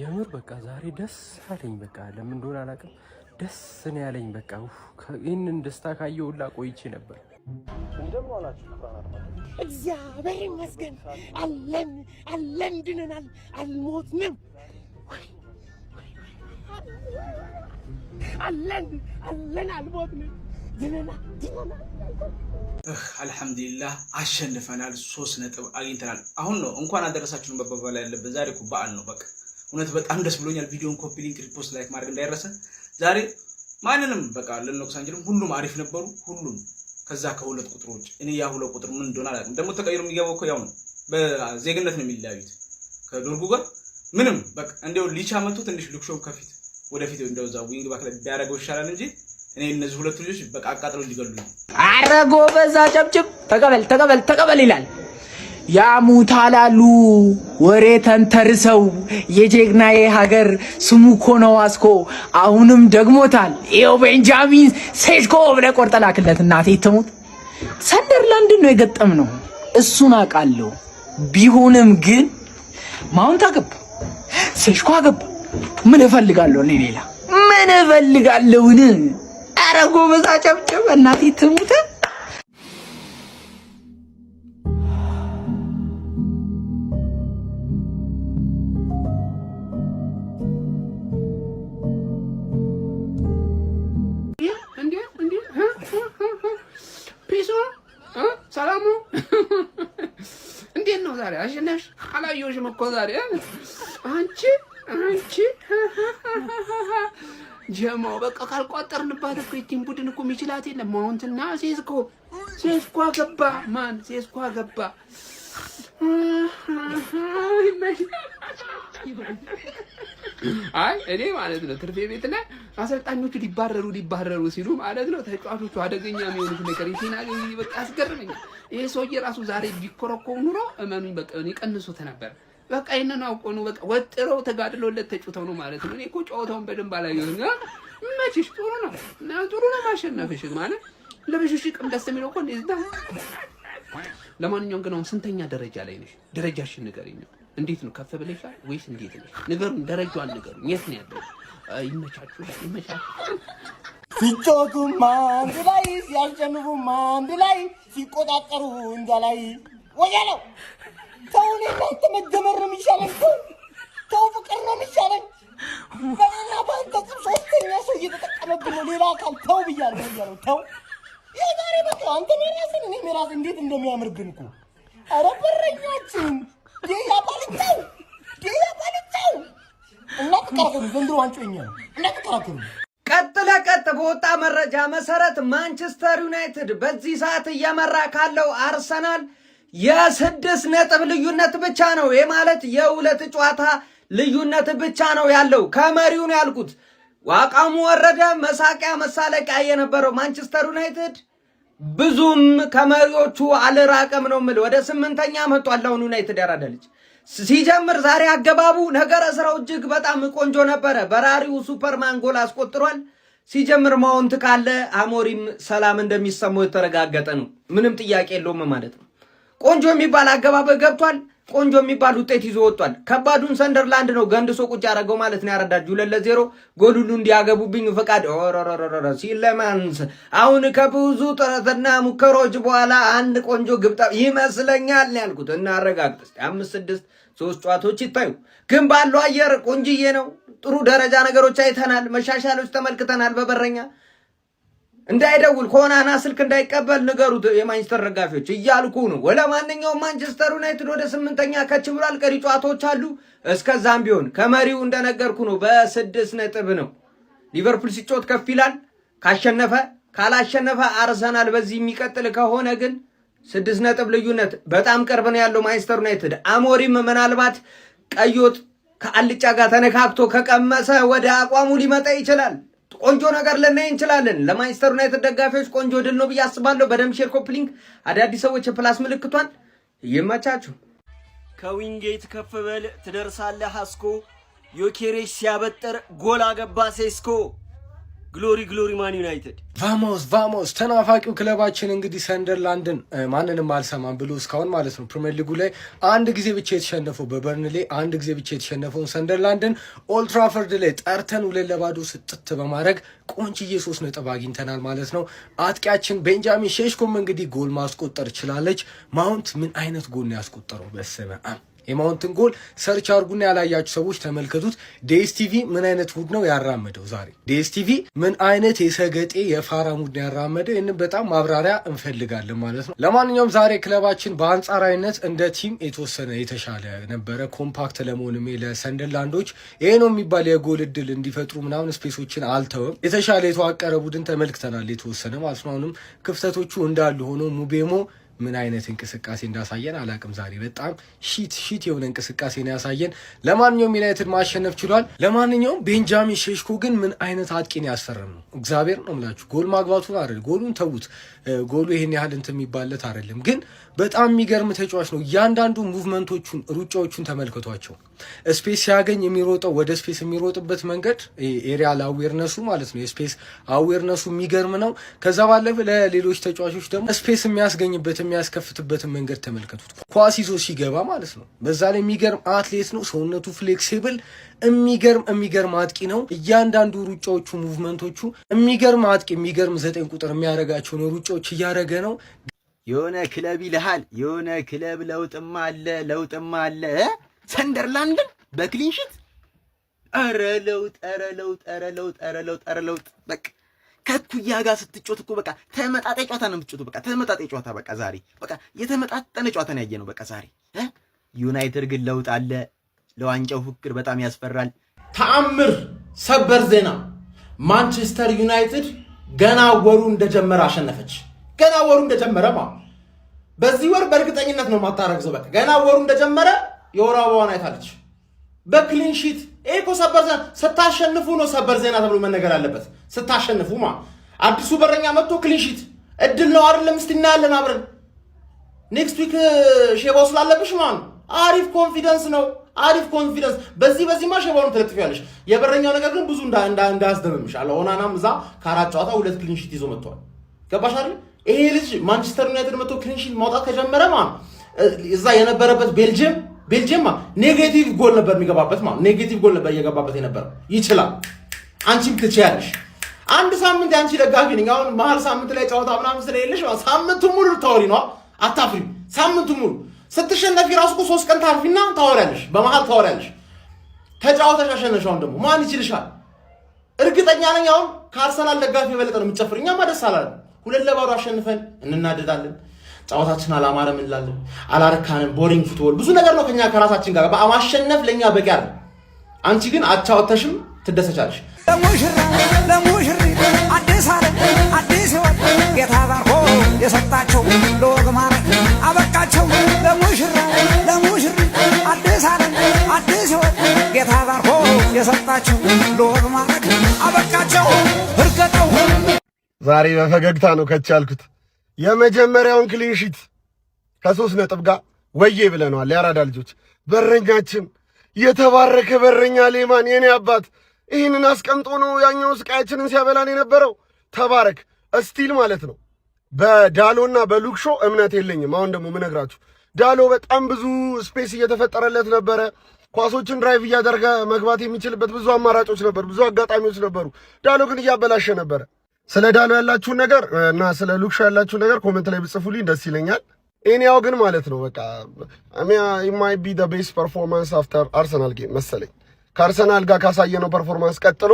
የምር በቃ ዛሬ ደስ አለኝ። በቃ ለምን እንደሆነ አላውቅም፣ ደስ ነው ያለኝ። በቃ ይህንን ደስታ ካየሁ ሁላ ቆይቼ ነበር። እንደምን እግዚአብሔር ይመስገን አለን አለን፣ ድነናል፣ አልሞትንም አለን አለን፣ አልሞትንም ድነናል፣ ድነናል። አልሐምዱሊላህ አሸንፈናል። ሶስት ነጥብ አግኝተናል። አሁን ነው እንኳን አደረሳችሁን በበላ ያለብን። ዛሬ እኮ በዓል ነው በቃ እውነት በጣም ደስ ብሎኛል። ቪዲዮን ኮፒ ሊንክ፣ ሪፖስት፣ ላይክ ማድረግ እንዳይረሰ። ዛሬ ማንንም በቃ ልንወቅስ አንችልም። ሁሉም አሪፍ ነበሩ። ሁሉም ከዛ ከሁለት ቁጥር ውጭ እኔ ያ ሁለት ቁጥር ምን እንደሆነ አላውቅም። ደግሞ ተቀይሮ የሚገባው እኮ ያው ነው። በዜግነት ነው የሚለያዩት ከዶርጉ ጋር ምንም በቃ እንደው ሊቻ መቶ ትንሽ ልክሾም ከፊት ወደፊት እንደው እዛ ዊንግ ባክ ላይ ቢያደርገው ይሻላል እንጂ እኔ እነዚህ ሁለት ልጆች በቃ አቃጥለው ሊገሉ ነው። በዛ ጨብጭብ ተቀበል ተቀበል ተቀበል ይላል። ያሙታላሉ ወሬ ተንተርሰው የጀግናዬ ሀገር ስሙ እኮ ነው ዋስኮ። አሁንም ደግሞታል ይኸው ቤንጃሚን ሴስኮ ብለህ ቆርጠህ ላክለት። እናቴ ትሙት ሰንደርላንድን ነው የገጠም ነው እሱን አውቃለሁ። ቢሆንም ግን ማውንት አገባ፣ ሴስኮ አገባ። ምን እፈልጋለሁ እኔ ሌላ ምን እፈልጋለሁን? ኧረ ጎበዝ አጨብጭብ። እናቴ ትሙት እኮ ዛሬ አንቺ አንቺ ጀማው በቃ ካልቋጠርንባት እኮ የቲም ቡድን እኮ የሚችላት የለም። ማውንትና ሴስኮ ሴስኮ ገባ። ማን ሴስኮ ገባ? አይ እኔ ማለት ነው ትርፌ ቤት ላይ አሰልጣኞቹ ሊባረሩ ሊባረሩ ሲሉ ማለት ነው ተጫዋቾቹ አደገኛ የሚሆኑት ነገር የቴናገኝ በቃ አስገርመኛል። ይሄ ሰውዬ ራሱ ዛሬ ቢኮረኮም ኑሮ እመኑኝ በቃ ቀንሶት ነበር። በቃ ይሄንን አውቆ ነው በቃ ወጥረው ተጋድሎለት ተጩተው ነው ማለት ነው። እኔ እኮ ጨዋታውን በደንብ አላየሁም። መችሽ ጥሩ ነው እና ጥሩ ነው ማሸነፍሽ ማለት ለብሽሽቅም ደስ የሚለው እኮ እንደዛ። ለማንኛውም ግን አሁን ስንተኛ ደረጃ ላይ ነሽ? ደረጃሽን ንገሪኝ። እንዴት ነው ከፍ ብለሻል ወይስ እንዴት ነው? ንገሩን፣ ደረጃዋን ንገሩን። የት ነው ያለው? ይመቻችሁ፣ ይመቻችሁ። ሲጮቱም አንድ ላይ ሲያሸንፉም አንድ ላይ ሲቆጣጠሩ እንዳ ላይ ወያለው ተው፣ እኔ እናንተ መጀመር ነው የሚሻለኝ። ተው፣ ፍቅር ነው የሚሻለኝ። በእኔና በአንተ ጽም ሶስተኛ ሰው እየተጠቀመብን ነው፣ ሌላ አካል። ተው ብያለሁ ተው። በቃ አንተ የራስን እንዴት እንደሚያምርብን እኮ ኧረ በረኛችን ዘንድሮ ዋንጮኛ ቀጥ ለቀጥ በወጣ መረጃ መሰረት ማንቸስተር ዩናይትድ በዚህ ሰዓት እየመራ ካለው አርሰናል የስድስት ነጥብ ልዩነት ብቻ ነው። ይህ ማለት የሁለት ጨዋታ ልዩነት ብቻ ነው ያለው ከመሪው ነው ያልኩት። ዋቃሙ ወረደ መሳቂያ መሳለቂያ የነበረው ማንቸስተር ዩናይትድ ብዙም ከመሪዎቹ አልራቀም ነው ምል ወደ ስምንተኛ መጥቷል አሁን ዩናይትድ ያራዳ ሲጀምር ዛሬ አገባቡ ነገረ ስራው እጅግ በጣም ቆንጆ ነበረ። በራሪው ሱፐርማን ጎል አስቆጥሯል። ሲጀምር ማውንት ካለ አሞሪም ሰላም እንደሚሰማው የተረጋገጠ ነው። ምንም ጥያቄ የለውም ማለት ነው። ቆንጆ የሚባል አገባበ ገብቷል። ቆንጆ የሚባል ውጤት ይዞ ወጥቷል። ከባዱን ሰንደርላንድ ነው ገንድሶ ቁጭ ያደረገው ማለት ነው። ያረዳጅ ሁለት ለዜሮ ጎል ሁሉ እንዲያገቡብኝ ፈቃድ ሲለማንስ አሁን ከብዙ ጥረትና ሙከሮች በኋላ አንድ ቆንጆ ግብጣ ይመስለኛል ያልኩት እናረጋግጥ። አምስት ስድስት ሶስት ጨዋታዎች ይታዩ ግን ባለው አየር ቆንጅዬ ነው። ጥሩ ደረጃ ነገሮች አይተናል፣ መሻሻሎች ተመልክተናል በበረኛ እንዳይደውል ከሆናና ስልክ እንዳይቀበል ንገሩት የማንቸስተር ደጋፊዎች እያልኩ ነው። ወደ ማንኛውም ማንቸስተር ዩናይትድ ወደ ስምንተኛ ከች ብሏል። ቀሪ ጨዋታዎች አሉ። እስከዛም ቢሆን ከመሪው እንደነገርኩ ነው፣ በስድስት ነጥብ ነው። ሊቨርፑል ሲጮት ከፍ ይላል ካሸነፈ። ካላሸነፈ አርሰናል በዚህ የሚቀጥል ከሆነ ግን ስድስት ነጥብ ልዩነት በጣም ቅርብ ነው ያለው ማንቸስተር ዩናይትድ። አሞሪም ምናልባት ቀይ ወጥ ከአልጫ ጋር ተነካክቶ ከቀመሰ ወደ አቋሙ ሊመጣ ይችላል። ቆንጆ ነገር ልናይ እንችላለን። ለማንቸስተር ዩናይትድ ደጋፊዎች ቆንጆ ድል ነው ብዬ አስባለሁ። በደም ሼር፣ ኮፒ ሊንክ፣ አዳዲስ ሰዎች የፕላስ ምልክቷን ይመቻችሁ። ከዊንጌት ከፍ በል ትደርሳለህ አስኮ ዮኬሬሽ ሲያበጠር ጎል አገባ ሴስኮ ግሎሪ ግሎሪ ማን ዩናይትድ ቫሞስ ቫሞስ። ተናፋቂው ክለባችን እንግዲህ ሰንደርላንድን ማንንም አልሰማም ብሎ እስካሁን ማለት ነው ፕሪሚየር ሊጉ ላይ አንድ ጊዜ ብቻ የተሸነፈው በበርንሌ አንድ ጊዜ ብቻ የተሸነፈውን ሰንደርላንድን ኦልትራፈርድ ላይ ጠርተን ሁለት ለባዶ ስጥት በማድረግ ቆንጅዬ ሶስት ነጥብ አግኝተናል ማለት ነው። አጥቂያችን ቤንጃሚን ሼሽኮም እንግዲህ ጎል ማስቆጠር ችላለች። ማውንት ምን አይነት ጎል ነው ያስቆጠረው? በስመ አብ የማውንትን ጎል ሰርች አርጉና ያላያችሁ ሰዎች ተመልከቱት። ዴስቲቪ ምን አይነት ውድ ነው ያራመደው? ዛሬ ዲኤስቲቪ ምን አይነት የሰገጤ የፋራ ሙድ ነው ያራመደው? ይህንን በጣም ማብራሪያ እንፈልጋለን ማለት ነው። ለማንኛውም ዛሬ ክለባችን በአንጻራዊነት እንደ ቲም የተወሰነ የተሻለ ነበረ። ኮምፓክት ለመሆንም ለሰንደርላንዶች ይሄ ነው የሚባል የጎል እድል እንዲፈጥሩ ምናምን ስፔሶችን አልተውም። የተሻለ የተዋቀረ ቡድን ተመልክተናል የተወሰነ ማለት ነው። አሁንም ክፍተቶቹ እንዳሉ ሆኖ ሙቤሞ ምን አይነት እንቅስቃሴ እንዳሳየን አላቅም። ዛሬ በጣም ሺት ሺት የሆነ እንቅስቃሴ ነው ያሳየን። ለማንኛውም ዩናይትድ ማሸነፍ ችሏል። ለማንኛውም ቤንጃሚን ሼሽኮ ግን ምን አይነት አጥቂ ነው ያስፈረም ነው። እግዚአብሔር ነው ምላችሁ ጎል ማግባቱን አይደል፣ ጎሉን ተዉት። ጎሉ ይሄን ያህል እንትን የሚባለት አይደለም፣ ግን በጣም የሚገርም ተጫዋች ነው። እያንዳንዱ ሙቭመንቶቹን ሩጫዎቹን ተመልክቷቸው ስፔስ ሲያገኝ የሚሮጠው ወደ ስፔስ የሚሮጥበት መንገድ ኤሪያል አዌርነሱ ማለት ነው። የስፔስ አዌርነሱ የሚገርም ነው። ከዛ ባለፈ ለሌሎች ተጫዋቾች ደግሞ ስፔስ የሚያስገኝበት የሚያስከፍትበትን መንገድ ተመልከቱት። ኳስ ይዞ ሲገባ ማለት ነው። በዛ ላይ የሚገርም አትሌት ነው። ሰውነቱ ፍሌክሲብል፣ የሚገርም የሚገርም አጥቂ ነው። እያንዳንዱ ሩጫዎቹ፣ ሙቭመንቶቹ የሚገርም አጥቂ፣ የሚገርም ዘጠኝ ቁጥር የሚያደርጋቸውን ሩጫዎች እያደረገ ነው። የሆነ ክለብ ይልሃል። የሆነ ክለብ ለውጥማ አለ፣ ለውጥማ አለ። ሰንደርላንድን በክሊንሽት ኧረ ለውጥ ኧረ ለውጥ ኧረ ለውጥ ኧረ ለውጥ ኧረ ለውጥ በቃ ከኩያ ጋር ስትጮት እኮ በቃ ተመጣጣኝ ጨዋታ ነው የምትጮቱ። በቃ ተመጣጣኝ ጨዋታ በቃ ዛሬ በቃ የተመጣጠነ ጨዋታ ነው ያየ ነው በቃ ዛሬ። ዩናይትድ ግን ለውጥ አለ። ለዋንጫው ፍክር በጣም ያስፈራል። ተአምር! ሰበር ዜና! ማንቸስተር ዩናይትድ ገና ወሩ እንደጀመረ አሸነፈች። ገና ወሩ እንደጀመረ ማ በዚህ ወር በእርግጠኝነት ነው ማታረግዘው። በቃ ገና ወሩ እንደጀመረ የወር አበባዋን አይታለች። በክሊን ሺት ይሄ እኮ ሰበር ዜና ስታሸንፉ ነው ሰበር ዜና ተብሎ መነገር አለበት። ስታሸንፉ ማ አዲሱ በረኛ መጥቶ ክሊን ሺት እድል ነው አይደለም? እስቲ እናያለን አብረን ኔክስት ዊክ ሼባው ስላለብሽ ማ አሪፍ ኮንፊደንስ ነው አሪፍ ኮንፊደንስ በዚህ በዚህ ማ ሼባውን ትለጥፊያለሽ። የበረኛው ነገር ግን ብዙ እንዳያስደምምሽ አለ። ኦናናም እዛ ከአራት ጨዋታ ሁለት ክሊን ሺት ይዞ መጥቷል። ገባሽ አይደል? ይሄ ልጅ ማንቸስተር ዩናይትድ መጥቶ ክሊን ሺት ማውጣት ከጀመረ ማ እዛ የነበረበት ቤልጅየም ቤልጅየም ኔጌቲቭ ጎል ነበር የሚገባበት ማለት ኔጌቲቭ ጎል ነበር እየገባበት የነበረው። ይችላል፣ አንቺም ትችያለሽ። አንድ ሳምንት የአንቺ ደጋፊ ነኝ። አሁን መሀል ሳምንት ላይ ጨዋታ ምናምን ስለሌለሽ ሳምንቱ ሙሉ ታወሪ ነው፣ አታፍሪም። ሳምንቱ ሙሉ ስትሸነፊ ራሱ እኮ ሶስት ቀን ታርፊና ታወሪያለሽ፣ በመሀል ታወሪያለሽ። ተጫወተሽ አሸነሽ። አሁን ደግሞ ማን ይችልሻል? እርግጠኛ ነኝ አሁን ከአርሰናል ደጋፊ የበለጠ ነው የምትጨፍር። እኛማ ደስ አላለን። ሁለት ለባዶ አሸንፈን እንናደዳለን። ጨዋታችን አላማረም እንላለን፣ አላረካንም፣ ቦሪንግ ፉትቦል ብዙ ነገር ነው ከኛ ከራሳችን ጋር ማሸነፍ ለእኛ በቂ ያለ። አንቺ ግን አቻወተሽም ትደሰቻለሽ። ጌታ ባርኮ የሰጣቸው ለወግ ማረግ አበቃቸው። ለሙሽራ ለሙሽሪ አዲስ ዓለም አዲስ ወ ጌታ ባርኮ የሰጣቸው ለወግ ማረግ አበቃቸው። እርገጠው ዛሬ በፈገግታ ነው ከቻልኩት የመጀመሪያውን ክሊንሺት ከሶስት ነጥብ ጋር ወዬ ብለነዋል። የአራዳ ልጆች በረኛችን የተባረከ በረኛ ሌማን፣ የኔ አባት ይህንን አስቀምጦ ነው ያኛው ስቃያችንን ሲያበላን የነበረው። ተባረክ እስቲል ማለት ነው። በዳሎና በሉክሾ እምነት የለኝም። አሁን ደግሞ ምነግራችሁ ዳሎ በጣም ብዙ ስፔስ እየተፈጠረለት ነበረ። ኳሶችን ድራይቭ እያደረገ መግባት የሚችልበት ብዙ አማራጮች ነበሩ፣ ብዙ አጋጣሚዎች ነበሩ። ዳሎ ግን እያበላሸ ነበረ። ስለ ዳሎ ያላችሁን ነገር እና ስለ ሉክሾ ያላችሁን ነገር ኮመንት ላይ ብጽፉልኝ ደስ ይለኛል። ያው ግን ማለት ነው በቃ አሜ ማይ ቢ ዘ ቤስት ፐርፎርማንስ አፍተር አርሰናል ጌም መሰለኝ። ከአርሰናል ጋር ካሳየነው ፐርፎርማንስ ቀጥሎ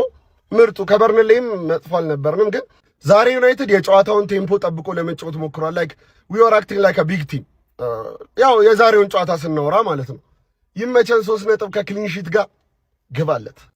ምርጡ ከበርንሌም መጥፎ አልነበርንም፣ ግን ዛሬ ዩናይትድ የጨዋታውን ቴምፖ ጠብቆ ለመጫወት ሞክሯል። ላይክ ዊ አር አክቲንግ ላይክ ቢግ ቲም ያው የዛሬውን ጨዋታ ስናወራ ማለት ነው። ይመቸን። ሶስት ነጥብ ከክሊንሺት ጋር ግባለት